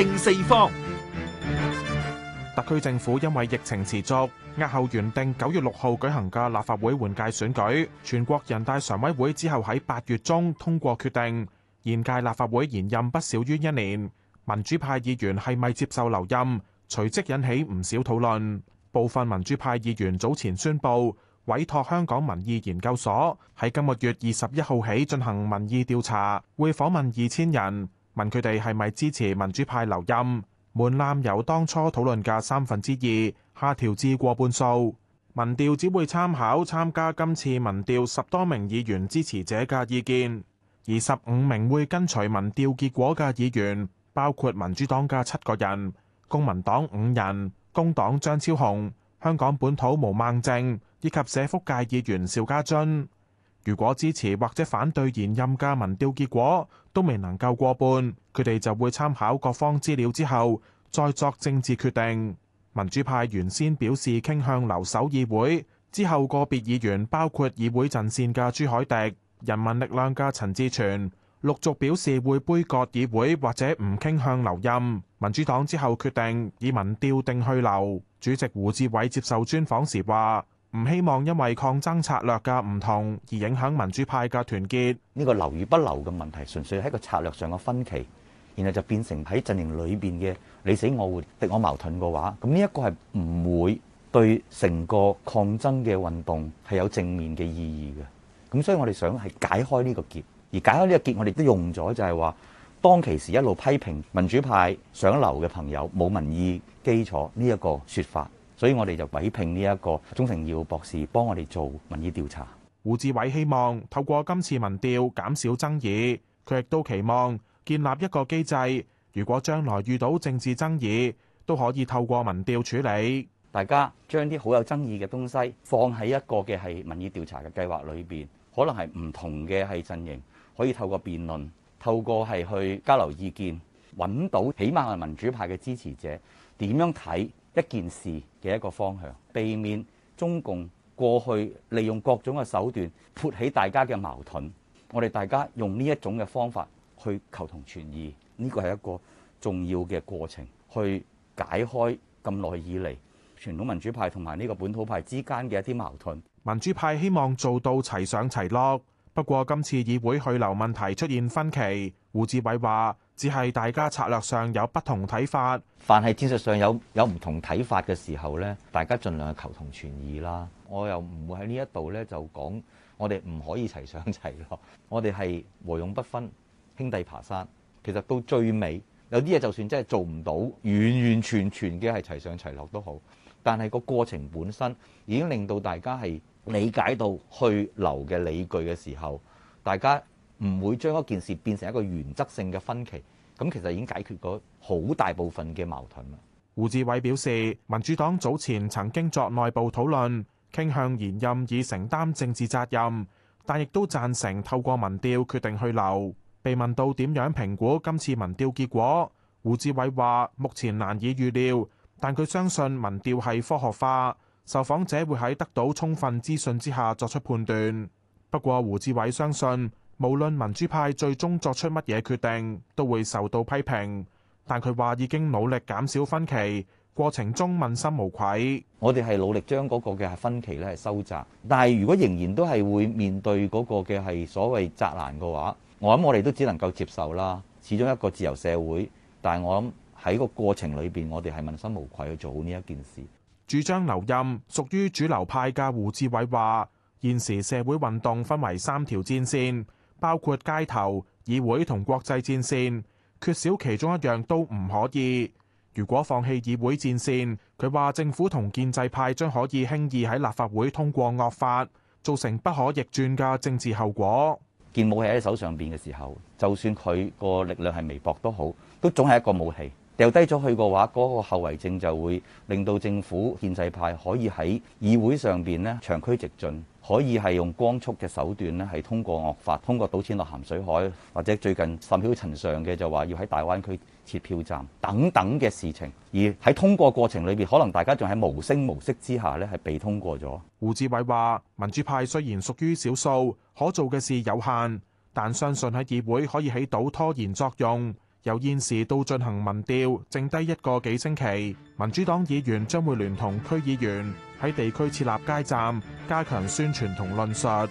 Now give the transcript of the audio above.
正四方，特區政府因為疫情持續，押後原定九月六號舉行嘅立法會換屆選舉。全國人大常委會之後喺八月中通過決定，現屆立法會延任不少於一年。民主派議員係咪接受留任，隨即引起唔少討論。部分民主派議員早前宣布，委託香港民意研究所喺今個月二十一號起進行民意調查，會訪問二千人。問佢哋係咪支持民主派留任，門檻由當初討論嘅三分之二下調至過半數。民調只會參考參加今次民調十多名議員支持者嘅意見，而十五名會跟隨民調結果嘅議員，包括民主黨嘅七個人、公民黨五人、工黨張超雄、香港本土毛孟靜以及社福界議員邵家俊。如果支持或者反對現任加民調結果都未能夠過半，佢哋就會參考各方資料之後再作政治決定。民主派原先表示傾向留守議會之後個別議員包括議會陣線嘅朱海迪、人民力量嘅陳志全，陸續表示會杯葛議會或者唔傾向留任。民主黨之後決定以民調定去留。主席胡志偉接受專訪時話。唔希望因為抗爭策略嘅唔同而影響民主派嘅團結。呢個留與不留嘅問題，純粹係一個策略上嘅分歧，然後就變成喺陣營裏邊嘅你死我活敵我矛盾嘅話，咁呢一個係唔會對成個抗爭嘅運動係有正面嘅意義嘅。咁所以我哋想係解開呢個結，而解開呢個結，我哋都用咗就係話，當其時一路批評民主派想留嘅朋友冇民意基礎呢一個說法。所以我哋就委聘呢一個鍾誠耀博士幫我哋做民意調查。胡志偉希望透過今次民調減少爭議，佢亦都期望建立一個機制，如果將來遇到政治爭議，都可以透過民調處理。大家將啲好有爭議嘅東西放喺一個嘅係民意調查嘅計劃裏邊，可能係唔同嘅係陣營可以透過辯論透過係去交流意見，揾到起碼係民主派嘅支持者點樣睇一件事嘅一個方向，避免中共過去利用各種嘅手段潑起大家嘅矛盾。我哋大家用呢一種嘅方法去求同存異，呢個係一個重要嘅過程，去解開咁耐以嚟傳統民主派同埋呢個本土派之間嘅一啲矛盾。民主派希望做到齊上齊落，不過今次議會去留問題出現分歧，胡志偉話。只係大家策略上有不同睇法，凡係天術上有有唔同睇法嘅時候咧，大家儘量求同存異啦。我又唔會喺呢一度咧就講我哋唔可以齊上齊落，我哋係和勇不分，兄弟爬山。其實到最尾有啲嘢就算真係做唔到，完完全全嘅係齊上齊落都好，但係個過程本身已經令到大家係理解到去留嘅理據嘅時候，大家，唔會將嗰件事變成一個原則性嘅分歧，咁其實已經解決咗好大部分嘅矛盾。胡志偉表示，民主黨早前曾經作內部討論，傾向延任以承擔政治責任，但亦都贊成透過民調決定去留。被問到點樣評估今次民調結果，胡志偉話：目前難以預料，但佢相信民調係科學化，受訪者會喺得到充分資訊之下作出判斷。不過，胡志偉相信。無論民主派最終作出乜嘢決定，都會受到批評。但佢話已經努力減少分歧，過程中問心無愧。我哋係努力將嗰個嘅分歧咧係收窄，但係如果仍然都係會面對嗰個嘅係所謂責難嘅話，我諗我哋都只能夠接受啦。始終一個自由社會，但係我諗喺個過程裏邊，我哋係問心無愧去做好呢一件事。主張留任屬於主流派嘅胡志偉話：現時社會運動分為三條戰線。包括街頭、議會同國際戰線，缺少其中一樣都唔可以。如果放棄議會戰線，佢話政府同建制派將可以輕易喺立法會通過惡法，造成不可逆轉嘅政治後果。建武器喺手上邊嘅時候，就算佢個力量係微薄都好，都總係一個武器，掉低咗去嘅話，嗰個後遺症就會令到政府建制派可以喺議會上邊咧長驅直進，可以係用光速嘅手段咧係通過惡法，通過倒錢落咸水海，或者最近甚囂塵上嘅就話要喺大灣區設票站等等嘅事情。而喺通過過程裏邊可能大家仲喺無聲無息之下咧係被通過咗。胡志偉話民主派雖然屬於少數可做嘅事有限，但相信喺議會可以起到拖延作用。由現時到進行民調，剩低一個幾星期，民主黨議員將會聯同區議員喺地區設立街站，加強宣傳同論述。